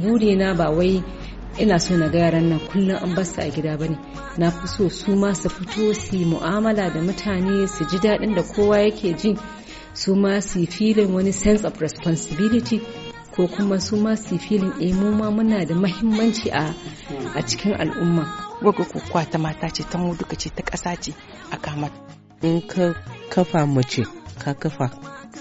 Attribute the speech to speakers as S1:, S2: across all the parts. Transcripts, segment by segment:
S1: burina ba wai ina so na ga yaran nan kullum an basu a gida bane na fi so su ma su fito su mu'amala da mutane su ji daɗin da kowa yake ji su ma su filin wani sense of responsibility ko kuma su ma su
S2: filin eh mu ma muna da mahimmanci a cikin al'umma waga kokowa ta mata ce ta muduka ce ta ƙasa ce a kama in ka kafa mace
S3: ka kafa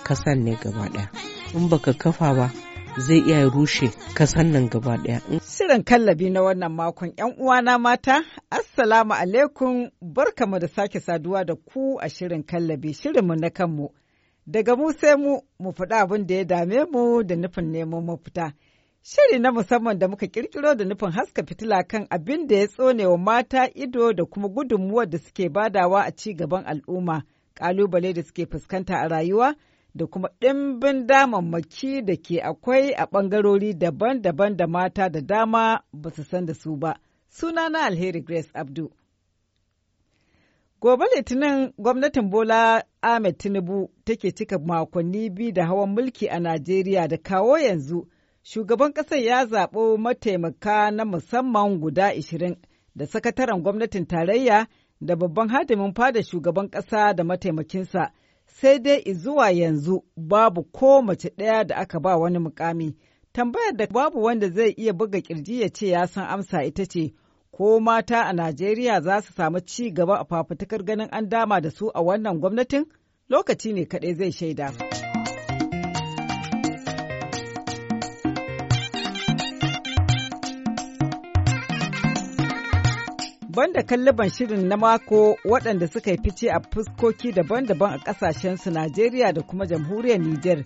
S3: kasan ne gaba ɗaya in baka kafa ba zai iya rushe kasan nan gaba ɗaya.
S4: Shirin kallabi na wannan makon ‘yan uwana mata, Assalamu alaikum barkamu da sake saduwa da ku a shirin kallabi shirinmu na kanmu. Daga mu sai mu mu faɗa abin da ya dame mu da nufin neman mafita. Shiri na musamman da muka kirkiro da nufin haska fitila kan abin da ya tsone wa mata ido da kuma gudunmuwar da suke badawa a ci gaban al'umma, ƙalubale da suke fuskanta a rayuwa da kuma ɗimbin damammaki da ke akwai a ɓangarori daban-daban da mata da dama ba su san da su ba. suna na Alheri Grace Abdu. Gobe Litinin gwamnatin Bola Ahmed Tinubu take cika makonni biyu da hawan mulki a Najeriya da kawo yanzu. Shugaban ƙasar ya zaɓo mataimaka na musamman guda ashirin da sakataren gwamnatin tarayya da babban hadimin fada shugaban ƙasa da mataimakinsa, sai dai zuwa yanzu babu ko mace ɗaya da aka ba wani mukami. Tambayar da babu wanda zai iya buga kirji ya ce ya san amsa ita ce, ko mata a Najeriya za su samu ci gaba a fafutukar ganin an dama da su a wannan gwamnatin? Lokaci ne kaɗai zai shaida. banda kallaban shirin na mako waɗanda suka yi fice a fuskoki daban-daban a ƙasashensu Najeriya da kuma jamhuriyar Nijar.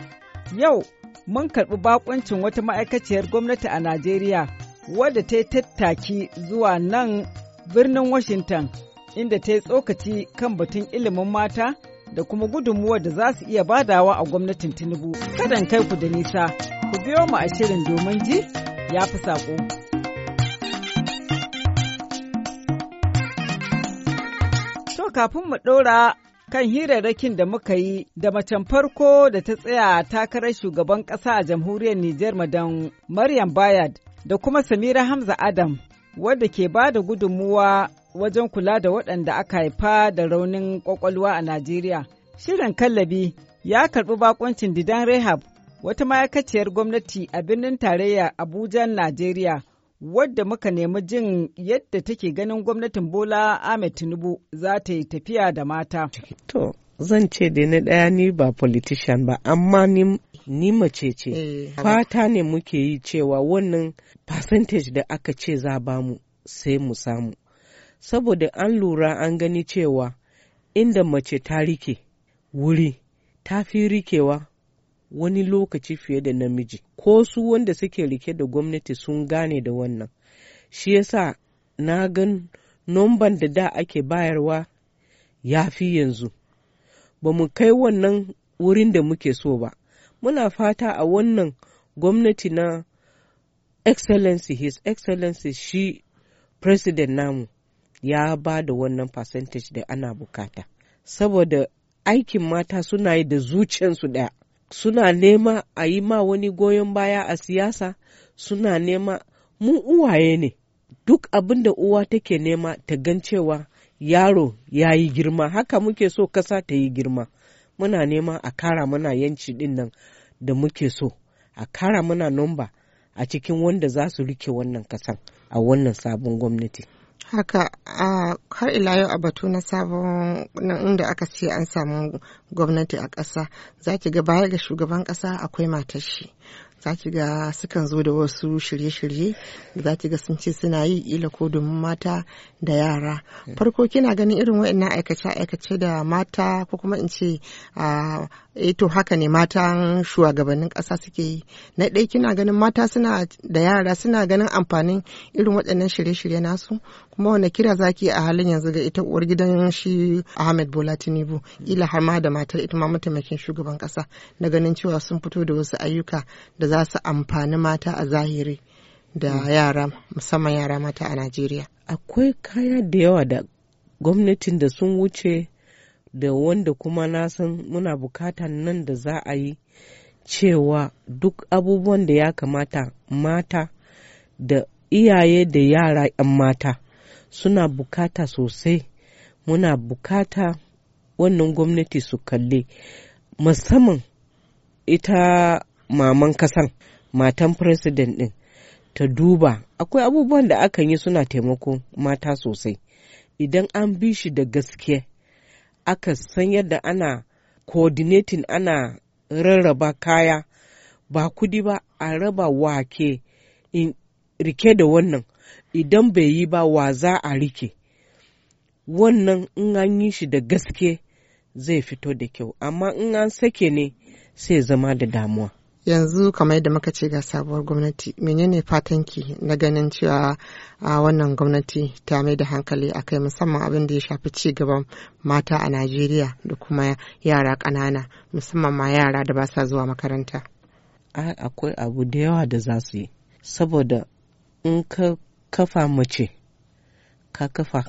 S4: Yau mun karɓi bakuncin wata ma'aikaciyar gwamnati a Najeriya wadda ta yi tattaki zuwa nan birnin Washington inda ta yi tsokaci kan batun ilimin mata da kuma gudunmuwar da za su iya badawa a gwamnatin Tinubu. Kadan kai ku da nisa, ku biyo mu a shirin domin ji ya fi saƙo. kafin mu ɗora kan hirarrakin da muka yi da macen farko da ta tsaya takarar shugaban ƙasa a jamhuriyar Nijar madan Maryam Bayad da kuma Samira Hamza Adam wadda ke ba da gudunmuwa wajen kula da waɗanda aka haifa da raunin ƙwaƙwalwa a Najeriya. Shirin kallabi ya karɓi bakoncin Didan Rehab wata ma'aikaciyar gwamnati a birnin tarayya Abuja, Najeriya. wadda muka nemi jin yadda take ganin gwamnatin Bola Ahmed Tinubu za ta yi tafiya da mata. To,
S3: zan ce da na ɗaya ni ba politician ba, amma ni, mace ce.
S4: Eh. Fata
S3: ne muke yi cewa wannan percentage da aka ce za bamu sai mu samu. Saboda an lura an gani cewa inda mace ta rike wuri ta fi rikewa wani lokaci fiye da namiji ko su wanda suke rike da gwamnati sun gane da wannan shi yasa na gan nomban da da ake bayarwa ya fi yanzu ba mu kai wannan wurin da muke so ba muna fata a wannan gwamnati na excellency his excellency shi president namu ya ba da wannan percentage da ana bukata saboda aikin mata suna yi da zuciyarsu ɗaya suna nema a yi ma wani goyon baya a siyasa suna nema mu uwaye ne duk abin da uwa take nema ta gan cewa yaro ya yi girma haka muke so kasa ta yi girma muna nema a kara mana yanci din da muke so a kara mana nomba a cikin wanda za su rike wannan kasan a wannan sabon gwamnati
S5: haka har ila yau a batu na sabon inda aka ce an samu gwamnati a ƙasa za ki ga baya ga shugaban ƙasa akwai matar shi za ki ga sukan zo da wasu shirye-shirye za ki ga sun ce suna yi ila ko domin mata da yara eh. farko kina ganin irin na aikace-aikace da mata ko kuma in ce eh to haka ne matan shugabannin ƙasa suke yi na ɗaya kina ganin mata suna da yara suna ganin amfanin irin waɗannan shirye-shirye nasu kuma wanda kira zaki a halin yanzu ga ita uwar gidan shi Ahmed Bola Tinubu ila har ma da matar ita ma mataimakin shugaban ƙasa na ganin cewa sun fito da wasu ayyuka da za su amfani mata a zahiri da mm. yara musamman yara mata a Najeriya akwai kaya da yawa
S3: da gwamnatin da sun wuce da wanda kuma na san muna bukatan nan da za a yi cewa duk abubuwan da ya kamata mata da iyaye da yara 'yan mata suna bukata sosai muna bukata wannan gwamnati su kalle musamman ita maman kasan matan president din ta duba akwai abubuwan da akan yi suna taimako mata sosai idan an bi shi da gaske aka san yadda ana coordinating ana rarraba kaya ba kudi ba a raba wake in rike da wannan idan bai yi ba wa za a rike wannan in an yi shi da gaske zai fito da kyau amma in an
S5: sake ne sai zama da damuwa yanzu kamar yadda muka ce ga sabuwar gwamnati menene fatanki na ganin cewa a wannan gwamnati ta mai da hankali a kai musamman abin da ya shafi ci gaban mata a najeriya da kuma yara kanana musamman ma yara da ba sa zuwa makaranta akwai abu da yawa da za su yi
S3: saboda in ka kafa mace ka kafa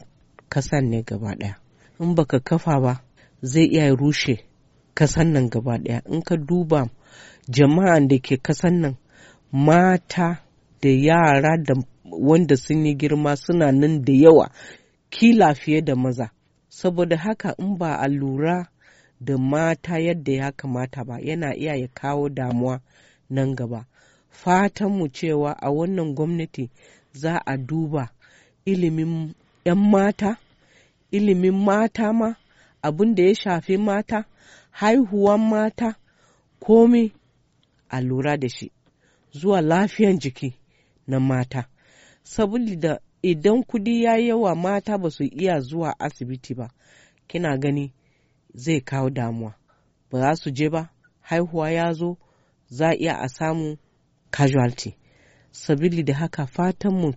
S3: kasan ne gaba ɗaya in baka kafa ba zai iya rushe kasan nan gaba ɗaya in ka duba jama'an da ke kasan nan mata da yara da wanda sun yi girma suna nan da yawa kila fiye da maza saboda haka in ba a lura da mata yadda ya kamata ba yana iya ya kawo damuwa nan gaba fatanmu cewa a wannan gwamnati za a duba ilimin 'yan mata ilimin mata ma abin da ya shafi mata haihuwan mata komi a lura da shi zuwa lafiyan jiki na mata saboda idan kudi ya yawa mata ba su iya zuwa asibiti ba kina gani zai kawo damuwa ba za su je ba haihuwa ya zo za iya a samu casualty saboda da haka fatanmu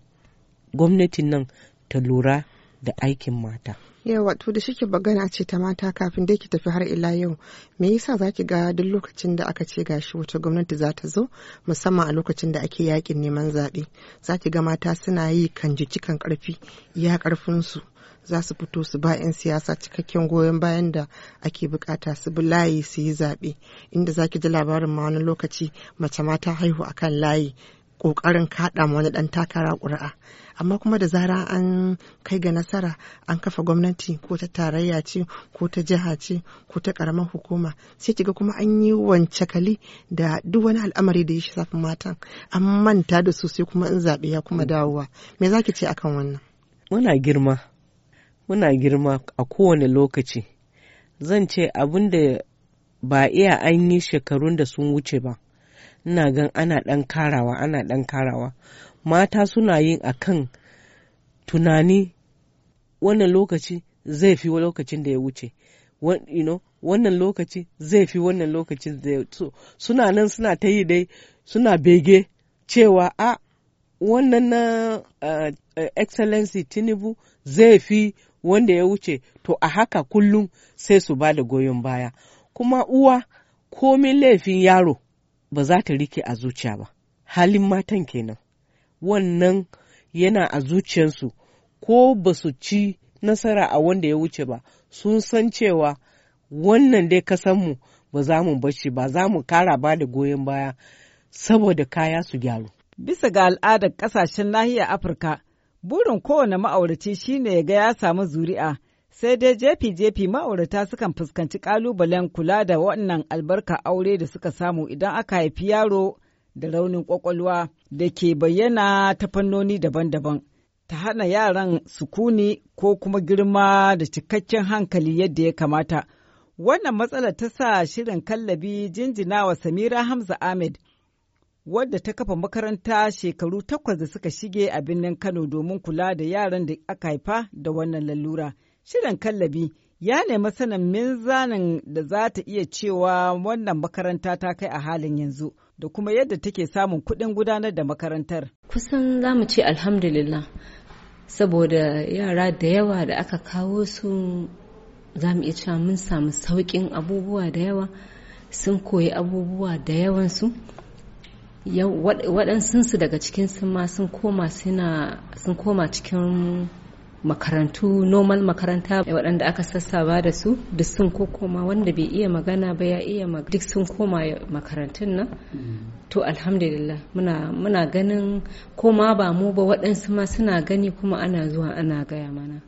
S3: gwamnatin nan ta lura da aikin
S5: mata. Yawa to da shike bagana ce ta mata kafin dai ki tafi har ila yau me yasa zaki ga duk lokacin da aka ce gashi wata gwamnati za ta zo musamman a lokacin da ake yakin neman zaɓe zaki ga mata suna yi kan jijjikan karfi iya su za su fito su ba 'yan siyasa cikakken goyon bayan da ake bukata su bi layi su yi zaɓe inda zaki ji labarin ma wani lokaci mace mata haihu akan layi Ƙoƙarin kaɗa wani ɗan takara ƙuri'a amma kuma da zara an kai ga nasara an kafa gwamnati ko ta tarayya ce ko ta jiha ce ko ta ƙaramar hukuma sai kiga kuma an yi wance kali da duk wani al'amari da ya shafi matan an manta da su sai kuma in zaɓe ya kuma dawowa me za ki ce akan wannan muna girma
S3: muna girma a kowane lokaci zan ce abin da ba iya an yi shekarun da sun wuce ba ina gan ana ɗan karawa ana ɗan karawa mata suna yin akan tunani wannan lokaci zai fi lokacin da ya wuce wannan lokaci zai fi wannan lokacin da ya so suna nan suna ta yi dai suna bege cewa a wannan na eh, eh, excellency tinubu zai fi wanda ya wuce to a haka kullum sai su ba da goyon baya kuma uwa komin laifin yaro ba za ta rike a zuciya ba halin matan kenan wannan yana a zuciyarsu ko ba su ci nasara a wanda ya wuce ba sun san cewa wannan dai kasanmu ba za mu bashi ba za mu kara ba da goyon baya saboda kaya su gyaru. Bisa
S4: ga al'adar kasashen nahiyar Afirka, burin kowane ma'aurace shine ya ga ya samu zuri'a sai dai jefi-jefi ma'aurata sukan fuskanci ƙalubalen kula da wannan albarka aure da suka samu idan aka haifi yaro da raunin ƙwaƙwalwa da ke bayyana ta fannoni daban-daban ta hana yaran sukuni ko kuma girma da cikakken hankali yadda ya kamata. Wannan matsala ta sa shirin kallabi jinjina wa Samira Hamza Ahmed. wadda ta kafa makaranta shekaru takwas da suka shige a birnin Kano domin kula da yaran da aka haifa da wannan lalura. shirin kallabi ya nemi sanin min zanen da za ta iya cewa wannan makaranta ta kai a halin yanzu da kuma yadda take samun kuɗin gudanar da makarantar.
S1: Kusan za mu ce alhamdulillah saboda yara da yawa da aka kawo su za mu iya cewa mun samu sauƙin abubuwa da yawa sun koyi abubuwa da yawansu waɗansunsu daga cikin sun ma sun koma cikin makarantu normal makaranta eh, waɗanda aka sassaba da su duk sun koma wanda bai iya magana ba ya iya magana duk sun koma makarantun nan mm. to alhamdulillah muna muna ganin koma ba mu ba waɗansu ma suna gani kuma ana zuwa ana gaya mana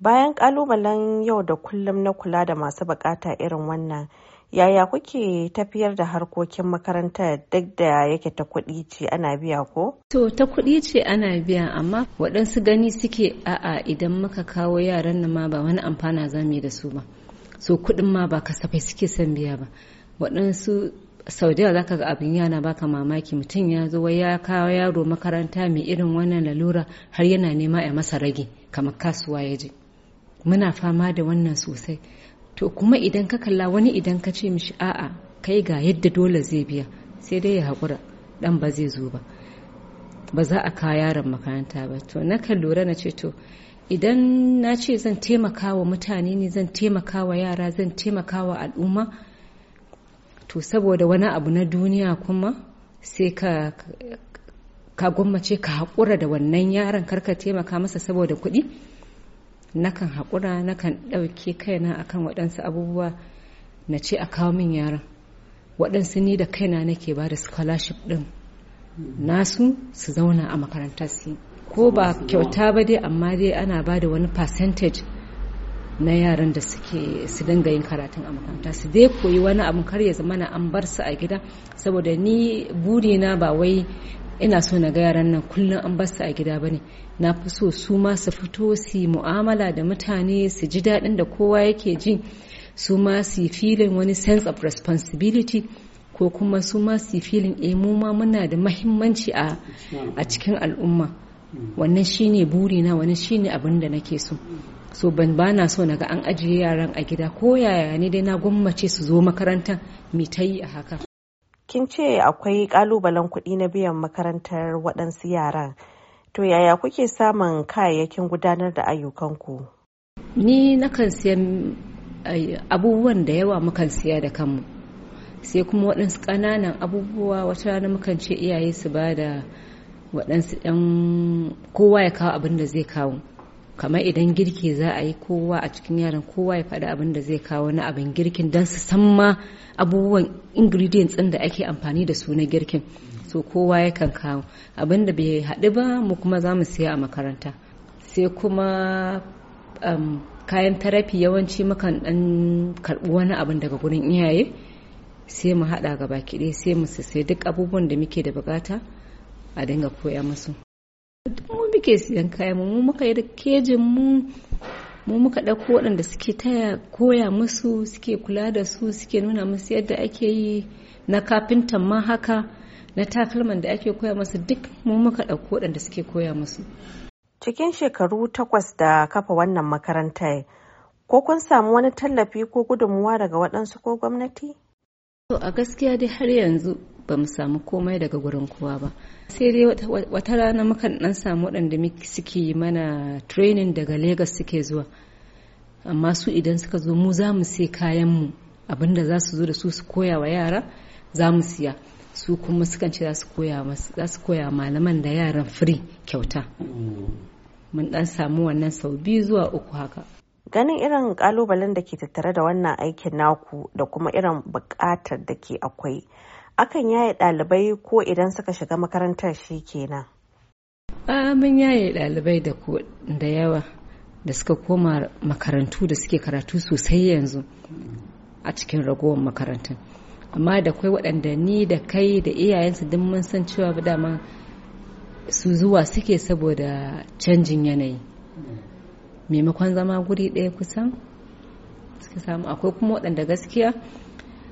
S6: bayan kalubalen yau da kullum na kula da masu bukata irin wannan yaya kuke tafiyar da harkokin makaranta duk da yake ta kuɗi ce ana biya ko?
S1: To ta kuɗi ce ana biya amma waɗansu gani suke a'a idan muka kawo yaran nan ma ba wani amfana za mu yi da su ba. So kuɗin ma ba kasafai suke son biya ba. Waɗansu sau da yawa zaka ga abin yana baka mamaki mutum ya zo ya kawo yaro makaranta mai irin wannan lalura har yana nema ya masa rage kamar kasuwa ya je. Muna fama da wannan sosai. to kuma idan ka kalla wani idan ka ce mishi a'a kai ga yadda dole zai biya sai dai ya haƙura ɗan ba zai zo ba ba za a kawo yaron makaranta ba to na kan lura na ce to idan na ce zan taimaka wa mutane ne zan taimaka wa yara zan taimaka wa al'umma to saboda wani abu na duniya kuma sai ka ka gwammace ka haƙura da wannan yaron karka taimaka masa saboda kuɗi nakan haƙura nakan ɗauke kaina akan waɗansu abubuwa na ce a kawo min yaran waɗansu ni da kaina nake ba da scholarship ɗin nasu su zauna a makarantar su ko ba kyauta ba dai amma dai ana ba da wani percentage na yaran da suke su dinga yin karatun a makaranta su dai koyi wani abu kar ya zama na an bar su a gida saboda ni burina ba wai ina so na ga yaran nan kullum an basu a gida bane na fi so su ma su fito su mu'amala da mutane su ji daɗin da kowa yake ji su ma su yi filin wani sense of responsibility ko kuma su ma su yi filin eh mu ma muna da mahimmanci a cikin al'umma wannan shine burina wannan shine abin da nake so so ban ba na so na ga an ajiye yaran a gida ko yaya ne dai na gwammace su zo makarantar mi ta yi a haka
S6: kin ce akwai kalubalen kuɗi na biyan makarantar waɗansu yaran to yaya kuke samun kayayyakin gudanar da ayyukanku
S1: ni nakan siyan eh, abubuwan da yawa mukan siya da kanmu sai kuma waɗansu ƙananan abubuwa wata rana mukan ce iyaye su ba da waɗansu ɗan kowa ya kawo abin da zai kawo kamar idan girki za a yi kowa a cikin yaran kowa ya faɗi abin da zai kawo na abin girkin don su san ma abubuwan ingredients ɗin da ake amfani da su na girkin so kowa ya kan kawo abin da bai haɗu ba mu kuma za mu siya a makaranta sai kuma um, kayan tarafi yawanci mukan ɗan karɓi wani abin daga gurin iyaye sai mu haɗa gaba kiɗe sai mu sai duk abubuwan da muke da bukata a dinga koya musu muke siyan kayan mu muka yi da kejin mu mu muka ɗauko waɗanda suke taya koya musu suke kula da su suke nuna musu yadda ake yi na kafintan ma haka na takalman da ake koya musu duk mu muka ɗauko waɗanda suke koya musu cikin shekaru takwas da
S6: kafa wannan makarantar ko kun samu wani tallafi ko gudunmuwa daga waɗansu ko
S1: gwamnati To a gaskiya dai har yanzu ba mu samu komai daga gurin kowa ba. Sai dai wata rana mukan dan samu waɗanda suke yi mana training daga Legas suke zuwa. Amma su idan suka zo mu za mu sai kayan mu abinda za su zo da su su koya wa yara za mu siya. Su kuma sukan ce za su koya malaman da yaran free kyauta. Mm. Mun dan samu wannan sau biyu zuwa uku haka. ganin irin kalubalen da ke tattare da wannan aikin naku da kuma
S6: irin bukatar da ke akwai akan yaye dalibai ko idan suka shiga
S1: makarantar shi kenan mun yaye dalibai da yawa da suka koma makarantu da suke karatu sosai yanzu a cikin ragowar makarantun amma da kwai waɗanda ni da kai da iyayensu duk mun san cewa dama su zuwa suke saboda canjin yanayi maimakon zama guri ɗaya kusan suka samu akwai kuma waɗanda gaskiya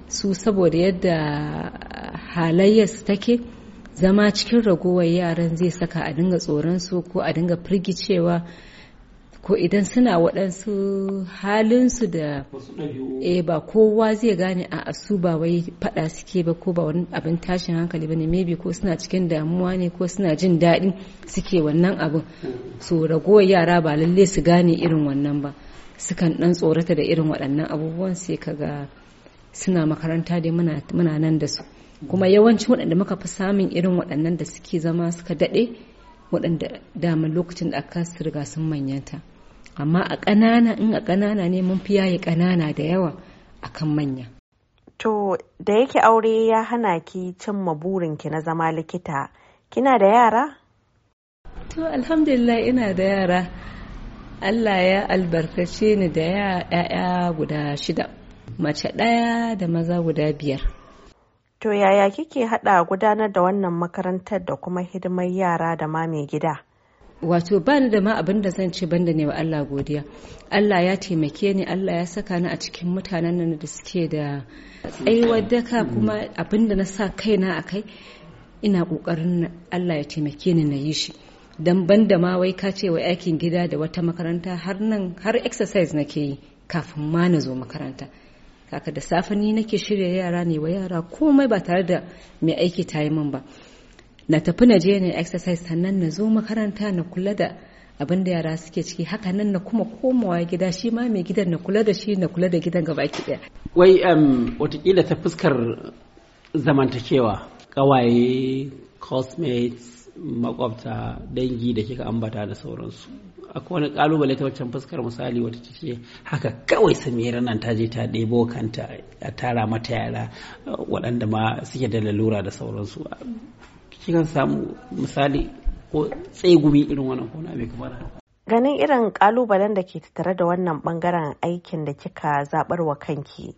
S1: su saboda yadda halayyarsu take zama cikin ragowar yaran zai saka a dinga tsoron su ko a dinga firgicewa ko idan suna waɗansu halinsu da eh ba kowa zai gane a asu ba wai faɗa suke ba ko ba wani abin tashin hankali ba ne maybe ko suna cikin damuwa ne ko suna jin daɗi suke wannan abin so ragowar yara ba lalle su gane irin wannan ba sukan ɗan tsorata da irin waɗannan abubuwan sai ga suna makaranta dai muna nan da su kuma yawancin waɗanda muka fi samun irin waɗannan da suke zama suka daɗe waɗanda damar lokacin da aka riga sun manyanta amma a ƙanana in a ƙanana ne mun fi yayi ƙanana da yawa kan manya
S6: to da yake aure ya hana ki cimma ki na zama likita
S1: kina da yara to alhamdulillah ina da yara allah ya albarkace ni da ya'ya guda shida mace ɗaya da
S6: maza guda biyar to yaya kike haɗa gudanar da wannan makarantar da
S1: kuma hidimar yara da ma mai gida wato ba ni da ma abin da zan ce banda ne wa Allah godiya Allah ya taimake ni Allah ya saka ni a cikin mutanen nan da suke da tsayuwar daka kuma abin da na sa kaina a kai ina kokarin Allah ya taimake ni na yi shi dan banda ma wai ka ce wa aikin gida da wata makaranta har nan har exercise nake yi kafin ma na zo makaranta kaka da safe nake shirya yara ne wa yara komai ba tare da mai aiki ta yi min ba na tafi na je na exercise sannan na zo makaranta na kula da abin da yara suke ciki haka nan na kuma komawa gida shi ma mai gidan na kula da shi na kula da gidan gaba ki daya
S4: wai watakila ta fuskar zamantakewa kawaye cosmates makwabta dangi da kika ambata da sauransu akwai wani kalubale ta wancan fuskar misali wata ce haka kawai samira nan ta je ta ɗebo kanta a tara mata yara waɗanda ma suke da lalura da sauransu kikan samu misali ko tsegumi irin wannan ko na kamar
S6: ganin irin kalubalen da ke tattare da wannan bangaren aikin da kika zabar wa kanki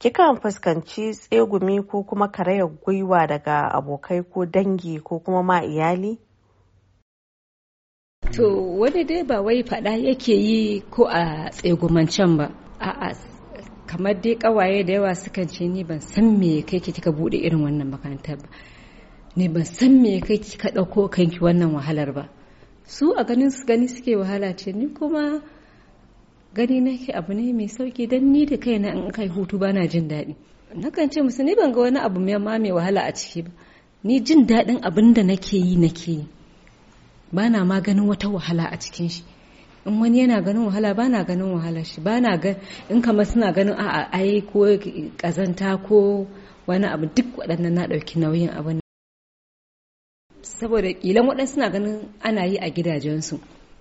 S6: kikan fuskanci tsegumi ko kuma karayar gwiwa daga abokai ko dangi ko kuma
S1: ma iyali to wani dai ba wai fada yake yi ko a tsegumancen ba a'a kamar dai kawaye da yawa sukan ce ni ban san me kai kika bude irin wannan makarantar ba ne ban san me kai ka ɗauko kanki wannan wahalar ba su a ganin su gani suke wahala ce ni kuma gani nake abu ne mai sauki dan ni da kaina in kai hutu bana jin daɗi na kan ce musu ni ban ga wani abu mai ma mai wahala a ciki ba ni jin daɗin abin da nake yi nake yi bana ma ganin wata wahala a cikin shi in wani yana ganin wahala bana ganin wahala shi bana ga in kama suna ganin a'a ai ko kazanta ko wani abu duk waɗannan na ɗauki nauyin abin saboda kilan waɗansu na ganin ana yi a gidajensu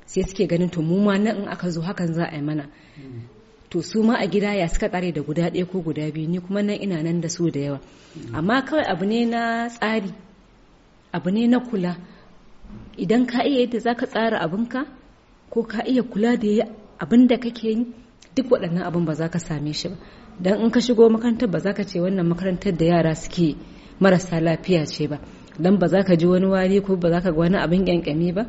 S1: sai suke ganin to mu ma nan in aka zo hakan za a yi mana to su ma a gida ya suka kare da guda ɗaya ko guda biyu ni kuma nan ina nan da su da yawa amma kawai abu ne na tsari abu ne na kula idan ka iya yadda za ka tsara abinka ko ka iya kula da abin da kake yi duk waɗannan abin ba za ka same shi ba don in ka shigo makarantar ba za ka ce wannan makarantar da yara suke marasa lafiya ce ba dan ba za ka ji wani wari ko ba za ka ga wani abin kyankyami ba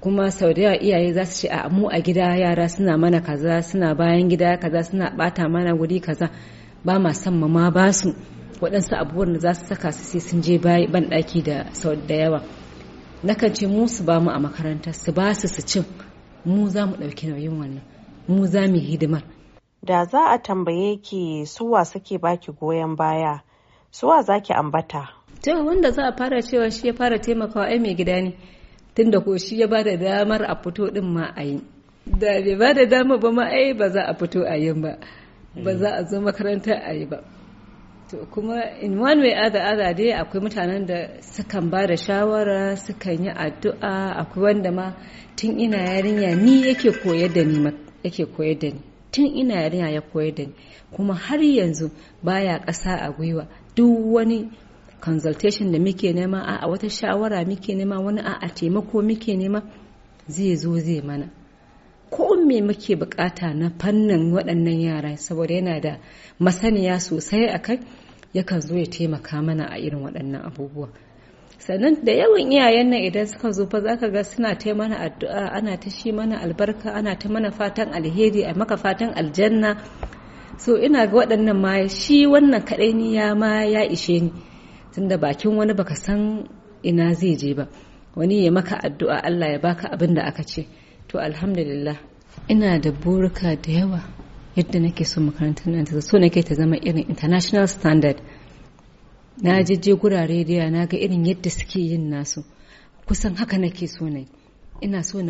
S1: kuma sau da yawa iyaye za su ce a mu a gida yara suna mana kaza suna bayan gida kaza suna bata mana guri kaza ba ma san ma ba su waɗansu abubuwan da za su saka su sai sun je ban ɗaki da sau da yawa nakan ce mu su ba mu a makaranta su ba su su cin mu za mu ɗauki nauyin wannan mu za mu hidimar
S6: da za a tambaye ki suwa suke
S1: baki goyon baya suwa zaki ambata to wanda za a fara cewa shi ya fara taimakawa ai mai gida ne tunda ko shi ya bada damar a fito din ma a yi da bai bada dama ba ma ai ba za a fito a yi ba ba za a zo makaranta a yi ba to kuma in one way other other dai akwai mutanen da sukan ba da shawara sukan yi addu'a akwai wanda ma tun ina yarinya ni yake koyar da ni yake koyar da ni tun ina yarinya ya koyar da ni kuma har yanzu baya ƙasa a gwiwa duk wani consultation da muke nema a wata shawara muke nema wani a taimako muke nema zai zo zai mana ko me muke bukata na fannin waɗannan yara saboda yana da masaniya sosai a kai yakan zo ya taimaka mana a irin waɗannan abubuwa sannan da yawan iyayen nan idan suka zo fa zaka ga suna ta mana addu'a ana ta shi mana albarka ana ta mana fatan alheri a maka fatan aljanna so ina ga waɗannan ma shi wannan kaɗai ni ya ma ya ishe ni tunda bakin wani baka san ina zai je ba wani ya maka addu'a Allah ya baka abin da aka ce to alhamdulillah ina da burika da yawa yadda nake so makarantar nan ta so nake ta zama irin international standard na je gurare da na ga irin yadda suke yin nasu kusan haka nake so na ina so eh,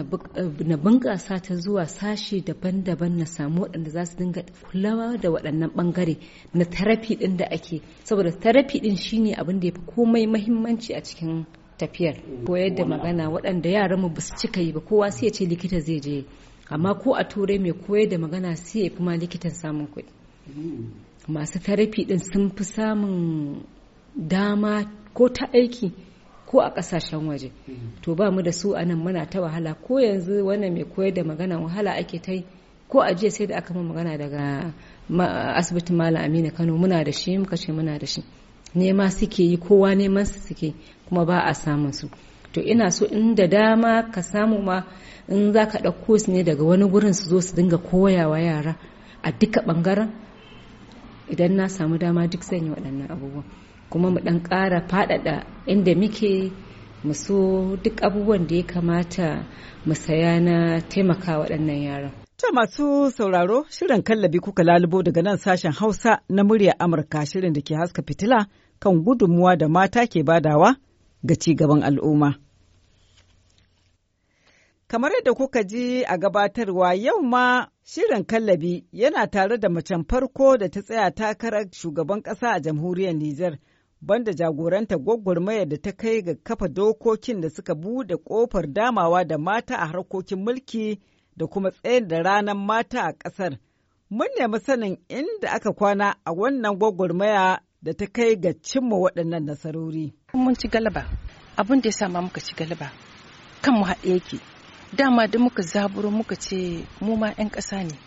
S1: na bunƙasa ta zuwa sashi daban-daban na samu waɗanda za su dinga kulawa da waɗannan ɓangare na tarafi ɗin da ake saboda tarafi ɗin shine abin da ya fi komai mahimmanci a cikin tafiyar koyar da magana waɗanda yaran mu basu cika yi ba kowa sai ya ce likita zai je amma ko a turai mai koyar da magana sai ya fi ma likitan samun kuɗi masu tarafi ɗin sun fi samun dama ko ta aiki ko a kasashen waje to ba mu da su a nan muna ta wahala ko yanzu wannan mai koyar da magana wahala ake ta yi ko a jiya sai da aka mun magana daga asibitin malam amina kano muna da shi muka ce muna da shi nema suke yi kowa neman su suke kuma ba a samun su to ina so in da dama ka samu ma in za ka ɗauko su ne daga wani gurin su zo su dinga koyawa yara a duka ɓangaren idan na samu dama duk zan yi waɗannan abubuwan kuma mu dan ƙara faɗaɗa inda muke mu duk abubuwan da ya kamata mu saya na taimaka waɗannan yaran.
S4: Ta masu sauraro shirin kallabi kuka lalubo daga nan sashen Hausa na murya Amurka shirin da ke haska fitila kan gudunmuwa da mata ke badawa ga cigaban al'umma. Kamar yadda kuka ji a gabatarwa yau ma shirin kallabi yana tare da macen farko da ta tsaya takarar shugaban ƙasa a jamhuriyar Nijar. banda jagoranta gwagwarmaya da ta kai ga kafa dokokin da suka buɗe ƙofar damawa da mata a harkokin mulki da kuma tsayin da ranar mata a ƙasar. Mun nemi sanin inda aka kwana a wannan
S2: gwagwarmaya da ta kai ga cimma waɗannan nasarori. Mun ci galaba, abin da ya sama muka ci galaba, kan mu haɗe yake. Dama da muka zaburo muka ce mu ma 'yan ƙasa ne,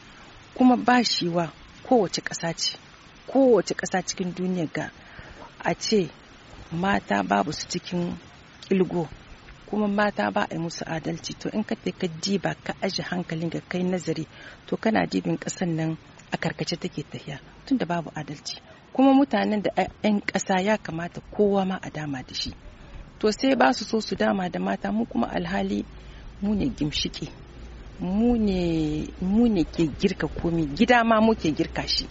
S2: kuma ba shi wa kowace ƙasa ce, kowace ƙasa cikin duniyar ga a ce mata babu su cikin ilgo kuma mata ba a yi musu adalci to in ka ka diba ka aje hankalin ga kai nazari to kana dibin kasan nan a karkace take tafiya tunda babu adalci kuma mutanen da 'yan ƙasa ya kamata kowa ma a dama da shi to sai ba su so su dama da mata mu kuma alhali mu ne gimshiki mu ne ke girka komi gida ma muke girka shi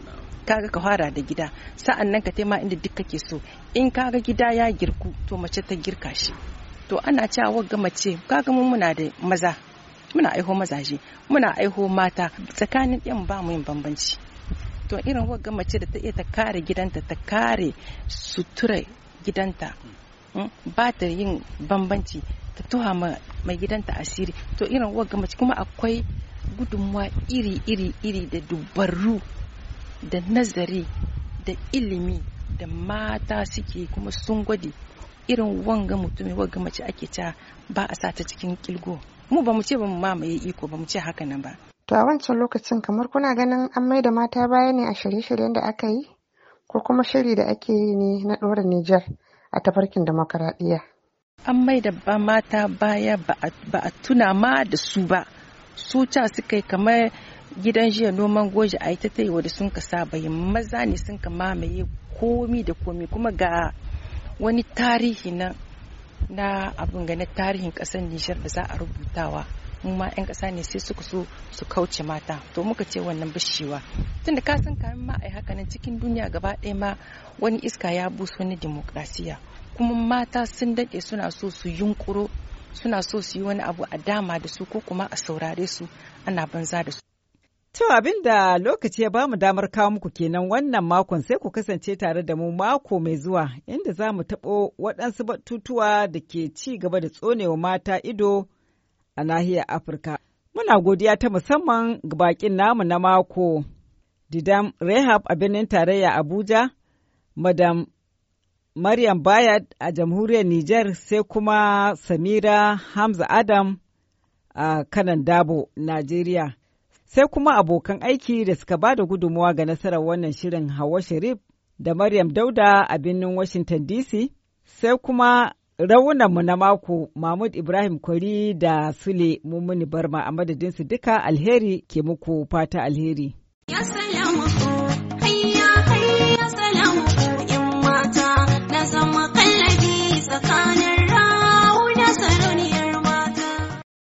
S2: kaga ka fara da gida sa'an nan ka taima inda duk kake so in kaga gida ya girku to mace ta girka shi to ana cewa wagga mace kaga mun muna da maza muna aiho mazaje muna aiho mata tsakanin yan ba mu yin bambanci to irin wagga mace da ta iya ta kare gidanta ta kare sutura gidanta hmm, ba ta yin bambanci ta tuha mai gidanta asiri to irin wagga mace kuma akwai gudunmuwa iri iri iri da dubarru da nazari da ilimi da mata suke kuma sun gwade irin wanga mutumin wanga mace ake ta ba a sa ta cikin kilgo mu ba mu ce ba mu mamaye iko ba mu ce haka nan ba
S5: to a wancan lokacin kamar kuna ganin an mai da mata baya ne a shirye-shiryen da aka yi ko kuma shiri da ake yi ne na ɗora Nijar a tafarkin demokaradiyya an mai
S2: da ba mata baya ba a tuna ma da su ba su ca suka yi kamar gidan jiya noman goji a ta tayi wadda sun ka saba maza ne sun ka mamaye komi da komi kuma ga wani tarihi na na abin gane tarihin kasar Nijar da za a rubutawa mu ma 'yan kasa ne sai suka so su kauce mata to muka ce wannan bishiwa tunda ka san kamin ma a haka nan cikin duniya gaba ɗaya ma wani iska ya buso wani demokrasiya kuma mata sun daɗe suna so su yunkuro suna so su yi wani abu a dama da su ko kuma a saurare su ana banza da su To abin da lokaci
S4: ya bamu damar kawo muku kenan
S2: wannan makon sai ku
S4: kasance tare da mu mako mai zuwa inda za mu taɓo waɗansu batutuwa da ke ci gaba da tsonewa mata ido a nahiyar Afirka. Muna godiya ta musamman ga bakin namu na mako, Didam Rehab a birnin tarayya Abuja, Madam Maryam Bayad a jamhuriyar Nijar sai kuma Samira Hamza Adam a kanan Dabo, Najeriya. sai kuma abokan aiki da suka ba da gudunmawa ga nasarar wannan shirin Hawa Sharif da Maryam Dauda a birnin Washington DC, sai kuma raunanmu na mako Mahmud Ibrahim Kwari da Sule Mummuni Barma a madadinsu duka alheri ke muku fata alheri.
S6: Yes,